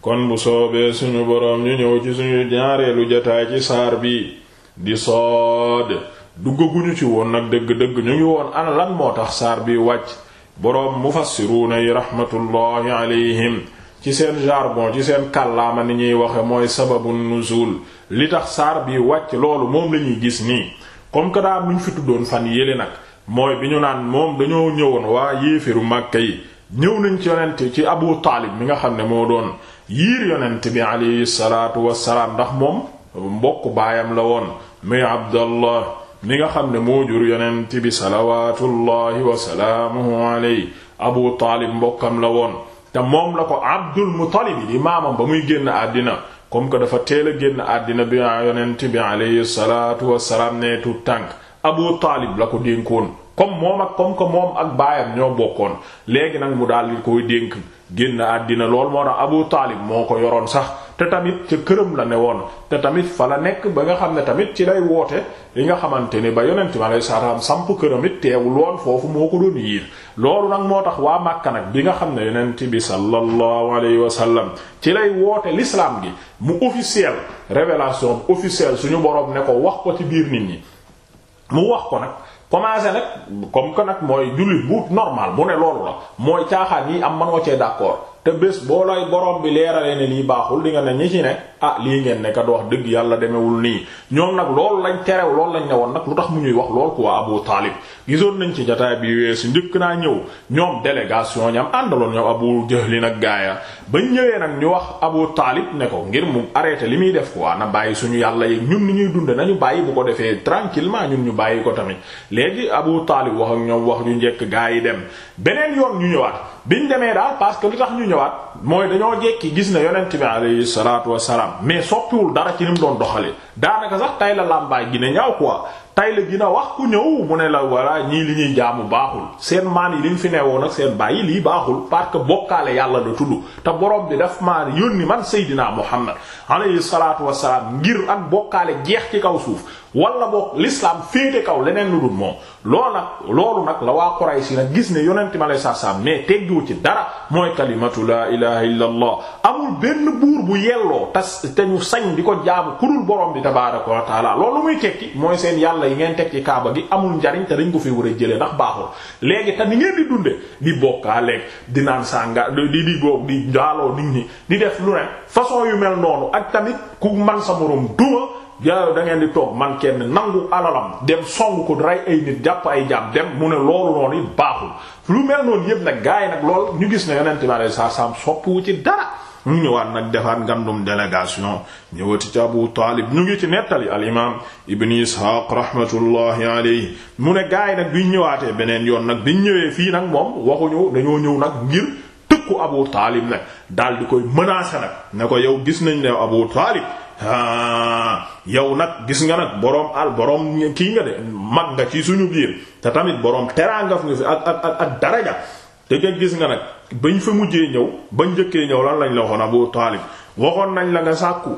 kon bu soobee suñu boroom ñu ñëw ci suñu ñaareelu jataay ci saar bi di sood duggaguñu ci woon nag dëgg-dëgg ñu ngi woon ana moo tax saar bi wàcc boroom mufassiruuna yi raxmatullaahi alayhim ci seen jargon ci seen kàllaama ni ñuy waxe mooy sababu nuzul li tax saar bi wàcc loolu moom lañuy gis nii comme que daa muñ fi tuddoon fan yéle nag mooy bi ñu naan moom dañoo ñëwoon waa yéefiru màkka yi ñëw nañ ci yonent ci abu taalib mi nga xam ne moo doon yiir yonent bi alayhi salaatu wassalaam ndax moom mbokk baayam la woon muy abdallah mi nga xam ne moo jur yonent bi salawaatullahi wa salaamuhu alayhi abu taalib mbokkam la woon te moom la ko abdul muttalib di maamam ba muy génn àddina comme que dafa teel a génn àddina bi yonent bi alayhi salaatu wassalaam nee tu tànk abu taalib la ko dénkoon comme moom ak comme que moom ak baayam ñoo bokkoon léegi nag mu daal di koy dénk génn àddina lool moo tax Abu Taalib moo ko yoroon sax te tamit ca këram la ne woon te tamit fa la nekk ba nga xam ne tamit ci lay woote li nga xamante ni ba yonent ma lay saatam samp këram it teewul woon foofu moo ko doon yiir loolu nag moo tax waa Màkka nag bi nga xam ne yonent bi sallallahu alayhi wa sallam ci lay woote lislaam gi mu officiel révélation officielle suñu boroom ne ko wax ko ci biir nit ñi mu wax ko nag commencé nag comme que nag mooy jullit bu normal bu ne loolu la mooy caaxaan yi am manoo cee d'accord te bés boo lay borom bi leeralee ne lii baaxul di nga ne ñi ci ne ah lii ngeen ne kat wax dëgg yàlla demewul nii ñoom nag lool lañ terew loolu lañ ne woon nag lu tax mu ñuy wax lool quoi Abu Taalib gisoon nañ ci jotaay bi weesu njëkk naa ñëw ñoom délégation ñam àndaloon ñoom Abu Jahl nag gaaya bañ ñëwee nag ñu wax Abu Taalib ne ko ngir mu arrêté li muy def quoi na bàyyi suñu yàlla yi ñun ni ñuy dund nañu bàyyi bu ko defee tranquillement ñun ñu bàyyi ko tamit léegi Abu Taalib wax ak wax ñu njëkk gaa yi dem beneen bi ñu demee daal parce que li tax ñu ñëwaat mooy dañoo jekki gis ne yonent bi alayhi salaatu wa salaam mais soppiwul dara ci ni mu doon doxalee daanaka sax tay la làmbaay gi ne ñaaw quoi tay la dina wax ku ñëw mu ne la walla ñii li ñuy jaamu baaxul seen maan yi liñ fi newoon ak seen baay yi lii baaxul parce que bokkaale yàlla la tudd te boroom bi daf maa yónni man Seydina Muhammad alayhi salaatu wassalaam ngir ak bokkaale jeex ci kaw suuf wala boog l'islam féete kaw leneen lu dul moom loolu nag loolu nag la waa Quraysh nag gis ne yonent mi alayhi salaatu wassalaam mais teggiwu ci dara mooy kalimatu laa ilaha illa allah amul benn buur bu yelloo tas te ñu yàlla yi ngeen teg ci kaaba gi amul njariñ te dañ ko fi war a jëlee ndax baaxul léegi te ni ngeen di dunde di bokkaaleeg di naan sànga di di boob di njaaloo nit ñi di def lu ne façon yu mel noonu ak tamit ku man sa moroom duma jaayo da di toog man kenn nangu alalam dem song ko rey ay nit jàpp ay jàpp dem mu ne loolu noonu it baaxul lu mel noonu yëpp nag gaay nag lool ñu gis ne yonent bi alayhi salaam soppiwu ci dara ñu ñëwaat nag defaat ngandum délégation ñëwati ci Abu Taalib ñu ngi ci nettali al imaam Ibn Isxaaq rahmatullahi mu ne gaay nag biñ ñëwaatee beneen yoon nag biñ ñëwee fii nag moom waxuñu dañoo ñëw nag ngir tëkku Abu Taalib nag daal di koy menacer nag ne ko yow gis nañ ne Abu Taalib ah yow nag gis nga nag boroom al boroom kii nga de mag nga ci suñu biir te tamit boroom teraanga nga fi ak ak ak daraja te nga gis nga nag. bañ fa mujjee ñëw bañ jëkkee ñëw lan lañ la waxoon Abu Taalib waxoon nañ la nga sàkku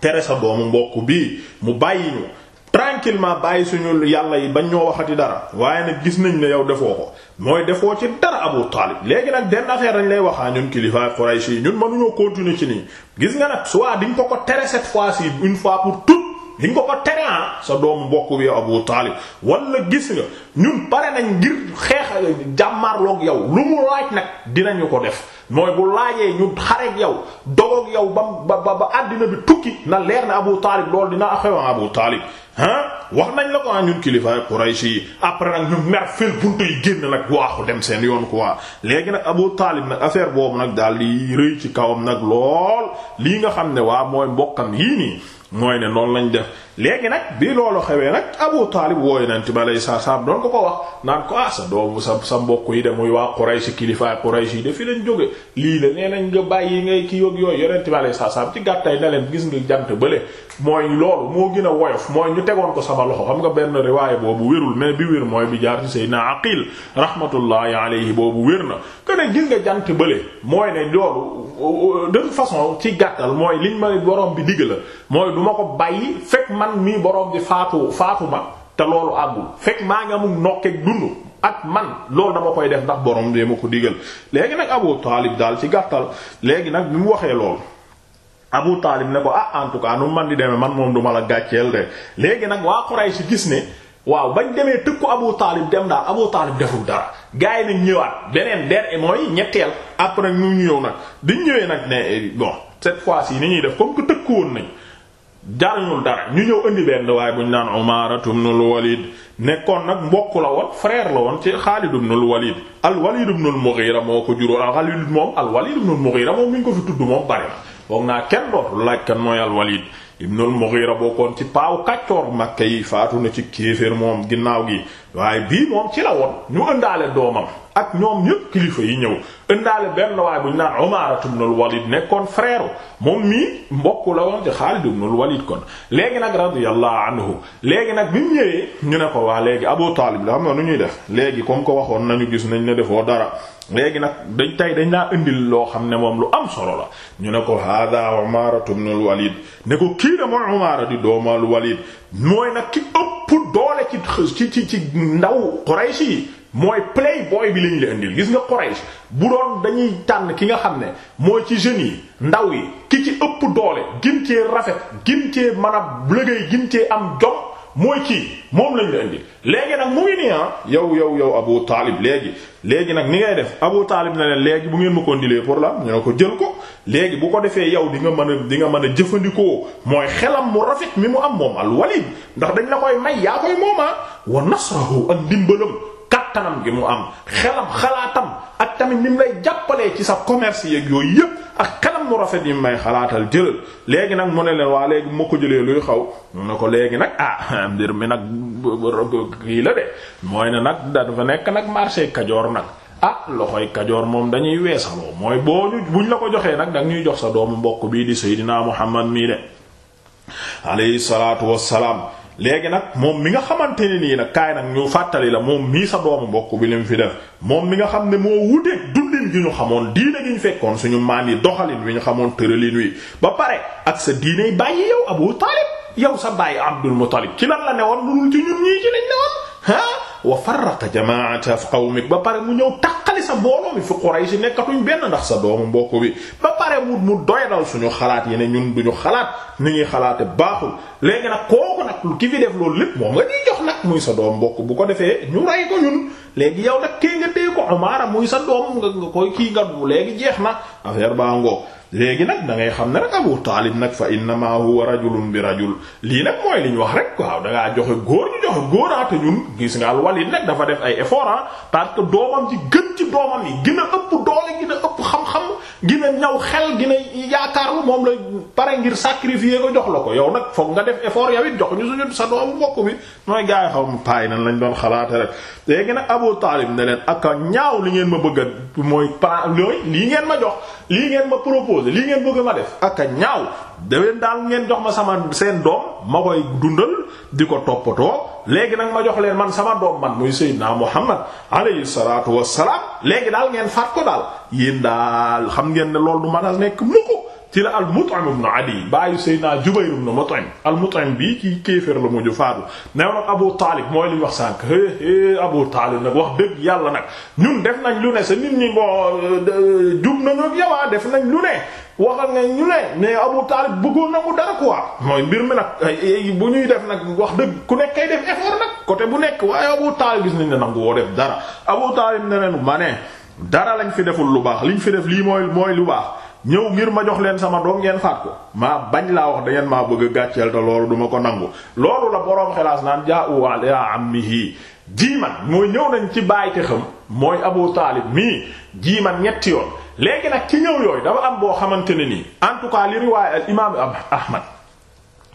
tere sa doomu mbokk bii mu bàyyi ñu tranquillement bàyyi suñu yàlla yi bañ ñoo waxati dara waaye nag gis nañ ne yow defoo ko mooy defoo ci dara Abu Taalib léegi nag den affaire dañ lay waxaa ñun kilifa Quraysh yi ñun mënuñoo continuer ci nii gis nga nag soit diñ ko ko tere cette fois-ci une fois pour toutes diñ ko ko tere ah, sa doomu mbokk bi Abu Taalib wala gis nga ñun pare nañ ngir xeexa jàmmarloog yow lu mu laaj nag dinañu ko def mooy bu laajee ñu xareeg yow dogoog yow ba ba ba àddina bi tukki na leer na Abu Taalib loolu dina xewa Abu Taalib ah wax nañ la ah, ñun kilifa Quraysh yi après nag ñu mer fil buntu yi génn nag waaxu dem seen yoon quoi léegi nag Abu Taalib nag affaire boobu nag daal di rëy ci kawam nag lool lii nga xam ne waa mooy mbokkam yii nii mooy ne noonu lañ def léegi nag bi loolu xewee nag Abu Taalib woo yonent bi alayhi salaatu salaam doon ko ko wax naan ko ah sa doomu sa sa mbokk yi de muy waa Quraysh kilifa Quraysh yi de fi lañ jóge lii la nee nañ nga bàyyi ngay ki yóg yooyu yonent bi alayhi salaatu salaam ci gàttay na leen gis nga jant bële mooy loolu moo gën a woyof mooy ñu tegoon ko sama loxo xam nga benn riwaay boobu wérul mais bi wér mooy bi jaar ci Seydina Aqil rahmatullahi alayhi boobu wér na ne gis nga jant bële mooy ne loolu de façon ci gàttal mooy liñ ma borom bi digg la mooy du ma ko bàyyi fekk man mii borom bi faatu faatu ma te loolu àggul fekk maa ngi amul nokkeeg dund ak man loolu dama koy def ndax borom bi ma ko digal léegi nag Abu Taalib daal ci gàttal léegi nag bi mu waxee loolu Abu Taalib ne ko ah en tout cas nu man di demee man moom du ma la gàcceel de léegi nag waa Quraysh gis ne. waaw bañ demee tëkku Abu Taalib dem daal Abu Taalib deful dara gars yi nag ñëwaat beneen benn mooy ñetteel après ñu ñëw nag diñ ñëwee nag ne eh, bon cette fois-ci ni ñuy def comme que tëkku woon nañ jariñul dara ñu ñëw indi benn waaye bu ñu naan Umaaratu ibnul Walid nekkoon nag mbokk la woon frère la woon ci Xaalid ibnul Walid al-Walid ibnul Mughira moo ko juróon al-Xaalid moom al-Walid ibnul Mughira moom mi ñu ko fi tudd moom bari na foog naa kenn dootul laaj kan mooy al-Walid ibnul Mughira bokkoon ci paaw kàccoor Makka yi faatu na ci kéefër moom ginnaaw gi waaye bii moom ci la woon ñu ëndaale doomam ak ñoom ñëpp kilifa yi ñëw ëndaale benn waaye bu ñu naan Umaara ibnul Walid nekkoon frère moom mii mbokku la woon ci Xaalid ibnul Walid kon léegi nag radiyallahu anhu léegi nag bi ñu ne ko waa léegi Abu Taalib li xam nga nu ñuy def léegi comme ko waxoon nañu gis nañ ne defoo dara léegi nag dañ tey dañ laa indil loo xam ne moom lu am solo la ñu ne ko hada Umaara ibnul Walid ne ko kii na mooy Umaara di doomal Walid mooy nag ki ëpp doole ci ci ndaw mooy playboy bi lañu la indil gis nga Quraysh bu doon dañuy tànn ki nga xam ne mooy ci jeunes yi ndaw yi ki ci ëpp doole gin cee rafet gin cee mën a gin cee am jom mooy kii moom lañ la indil. léegi nag mu ngi nii ah yow yow yow Abu Taalib léegi léegi nag ni ngay def Abu Taalib na leen léegi bu ngeen ma ko ndilee pour la ñu ne ko jël ko léegi bu ko defee yow di nga mën a di nga mën a jëfandikoo mooy xelam mu rafet mi mu am moom al Walid ndax dañ la koy may yaa koy moomaa ah, wa ak ndimbalam kàttanam gi mu am xelam xalaatam ak tamit ni mu lay jàppalee ci sa commerce yeeg yooyu yépp ak kanam mu rafet yi may xalaatal jëlal léegi nag mu ne leen waa léegi moo ko jëlee luy xaw mu ne ko léegi nag ah mbir mi nag kii la de mooy ne nag dafa nekk nag marché kajoor nag ah loxoy kajoor moom dañuy weesaloo mooy boo ñu buñ la ko joxee nag danga ñuy jox sa doomu mbokk bii di Seydina Muhammad mii de alayhi salaatu salaam léegi nag moom mi nga xamante ne nii nag kaay nag ñu fàttali la moom mii sa doomu mbokk bi lim fi def moom mi nga xam ne moo wuteeg dundin gi ñu xamoon diine gi ñu fekkoon suñu maam yi doxalin wi ñu xamoon tëralin wi ba pare ak sa diiney bàyyi yow Abu Taalib yow sa bàyyi Abdul Muttalib ci lan la newoon lu dul ci ñii ci lañ newoon ah wa farraqa jamaata qawmik ba pare mu ñëw taqali sa mbooloo mi fi Quraysh nekkatuñ benn ndax sa doomu mbokk bi terewut mu doyadal suñu xalaat yi ne ñun bu duñu xalaat ni ñuy xalaate baaxul léegi nag kooku nag ki fi def loolu lépp moom nga ñuy jox nag muy sa doom mbokk bu ko defee ñu rey ko ñun léegi yow nag kii nga téye ko Umara muy sa doom nga nga koy kii nga bu léegi affaire baa ngoo léegi nag da xam ne rek Abu Taalib nag fa innama huwa rajulun bi rajul lii nag mooy li ñu wax rek waaw da ngaa joxe góor ñu joxe góoraa ah ñun gis nga al nag dafa def ay effort ah, parce doomam ci gën ci doomam yi gën ëpp doole gën gina ñaw xel gina yaakaarlu moom la pare ngir sacrifier ko jox la ko yow nag foog nga def effort yow it jox ñu suñu sa doomu mbokk bi mooy gaa yi xaw ma paay nan lañ doon xalaate rek léegi nag Abu Taalib ne leen ak ñaaw li ngeen ma bëgg a mooy plan looy lii ngeen ma jox lii ngeen ma proposé lii ngeen bëgg ma def ak a ñaaw daween daal ngeen jox ma sama seen doom ma koy dundal di ko toppatoo léegi nag ma jox leen man sama doom man muy Seydina Muhammad alayhi salaatu wassalaam léegi daal ngeen faat ko daal yéen daal xam ngeen ne loolu du man a nekk mukk ci la al Mut'im ibn Adi baayu Seydina Jubayr ibn Mut'im al Mut'im bi ci kéefër la mujj faatu ne Abu Taalib mooy li wax sànq hé hé Abu Taalib nag wax dëgg yàlla nag ñun def nañ lu ne sa nit ñi ngoo jub nañu ak yowaa ah, def nañ lu ne waxal nga ñu ne ne Abu Taalib bëggoon na mu dara quoi mooy mbir mi nag bu ñuy def nag wax dëgg ku nekk kay def effort nag côté bu nekk waaye Abu Taalib gis nañ ne nangu woo def dara Abu Taalib ne ma ne dara lañ fi deful lu baax liñ fi def lii mooy mooy lu baax ñëw ngir ma jox leen sama doom ngeen faat ko maa bañ laa wax da ngeen maa bëgg a gàcceel te loolu du ko nangu loolu la boroom xelaas naan jaa u ala ammihi jiiman mooy ñëw nañ ci baay te xam mooy Abu Taalib mii jiiman ñetti yoon léegi nag ci ñëw yooyu dafa am boo xamante ne nii en tout cas li riwaaya al imaam Ahmad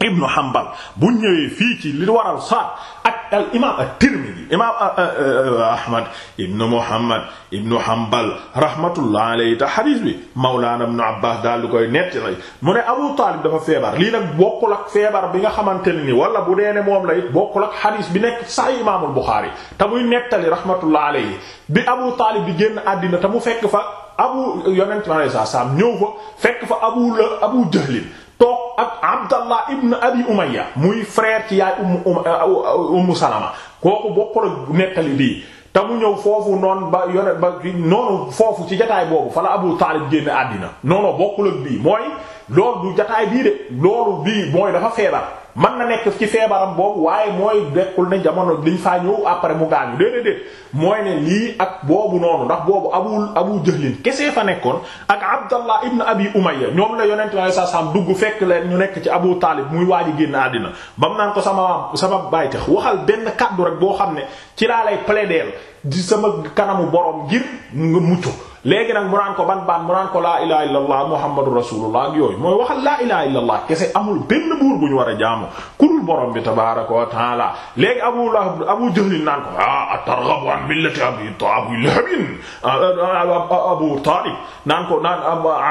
ibnu Hanbal bu ñëwee fii ci li waral saat ak al imaam at-Tirmidhi imaam ah, ah, ah, Ahmad ibnu Muhammad ibnu Hanbal rahmatullah alayhi te xadiis bi Mawlaana ibnu Abbaas daal di koy nettali mu ne Abu Taalib dafa feebar lii nag bokkul ak feebar bi nga xamante ne ni wala bu dee ne moom la it bokkul ak xadiis bi nekk Sahih imaamul Buxaari te muy nettali rahmatullah alayhi bi Abu Taalib bi génn àddina te mu fekk fa abu yonent mi alayhi salaam ñëw fa fekk fa abu la abu jahlin toog ak Abdallah ibn Abi Umayya muy frère ci yaay Ummu umm, euh, Ummu Salama kooku bokkul ak nettali bii te mu ñëw foofu noon ba yone ba noonu foofu ci jataay boobu fala Abu Taalib génn àddina noonu bokkul ak bii mooy loolu du jataay bii de loolu bii mooy dafa feebar man na nekk ci feebaram boobu waaye mooy dekkul ne jamono liñ faa ñëw après mu gaañu déedéet déet mooy ne lii ak boobu noonu ndax boobu abu abu jëhlin kese fa nekkoon ak abdallah ibn abi umayya ñoom la yonent sallallahu alayhi wasallam dugg fekk leen ñu nekk ci abu taalib muy waaji génn àddina bam naan ko sama sama baay tax waxal benn kàddu rek boo xam ne ci laa lay plaider di sama kanamu borom ngir nga mucc léegi nag mu naan ko ban baan mu naan ko laa ilaha illallah muhammadu rasulullah ak yooyu mooy waxal laa ilaha illallah kese amul benn buur bu ñu war a jaamu kurul borom bi tabaaraka wa taala léegi abu lahab abu jahlin naan ko a ah, targhabu an millati abi lahabin abu taalib naan ko naan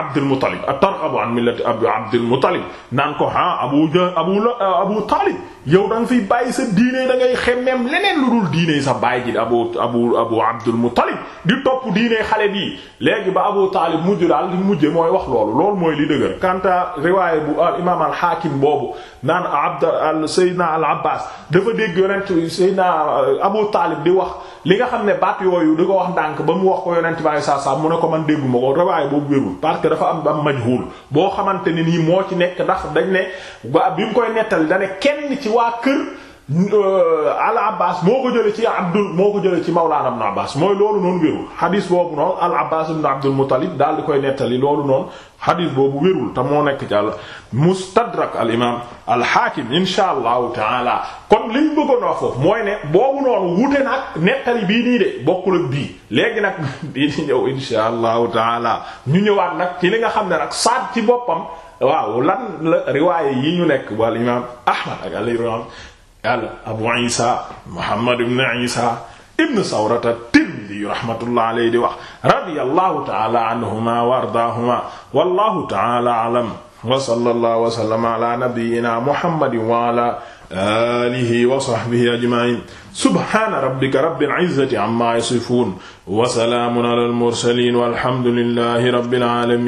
abdul muttalib a targhabu an millati abi abdul muttalib naan ko a ah, abu abu abu taalib yow da nga fiy bàyyi sa diine da ngay xemmeem leneen lu dul diine sa bàyyi ji abu abu abu abdul muttalib di topp diine xale bii léegi ba abu taalib mujj daal li mujje mooy wax loolu loolu mooy li dëgër kanta riwaaye bu al imaam al hakim boobu naan abd al sayyidina al abbas dafa dégg yonent sayyidina abu taalib di wax li nga xam ne baat yooyu di ko wax ndànk ba mu wax ko yonent bi saa saa mu ne ko man dégguma ko riwaay boobu wérul parce que dafa am am majhul boo xamante ne nii moo ci nekk ndax dañ ne bi mu koy nettali da ne kenn ci waa kër. al abbas moo ko jële ci abdul moo ko jële ci mawlaana ibn abbas mooy loolu noonu wérul xadis boobu noonu al abbas ibn abdul muttalib daal di koy nettali loolu noonu xadis boobu wérul te moo nekk ci al mustadrak al imam al hakim insha allahu taala kon li bëggoon wax mooy ne boobu noonu wute nag nettali bii nii de bokkul ak bii léegi nag bii di ñëw insha allahu taala ñu ñëwaat nag ci li nga xam ne nag saat ci boppam waaw lan la yi ñu nekk bu al imam ahmad ak al imam al abu isa muhammad ibn isa ibn sawrata tirmidi rahmatullah alayhi di wax radiyallahu ta'ala anhuma wa ardaahuma wallahu ta'ala a'lam wa sallallahu wa sallama ala nabiyyina muhammadin wa ala alihi wa sahbihi ajma'in subhana rabbika rabbil izzati amma yasifun wa salamun ala al mursalin walhamdulillahi rabbil alamin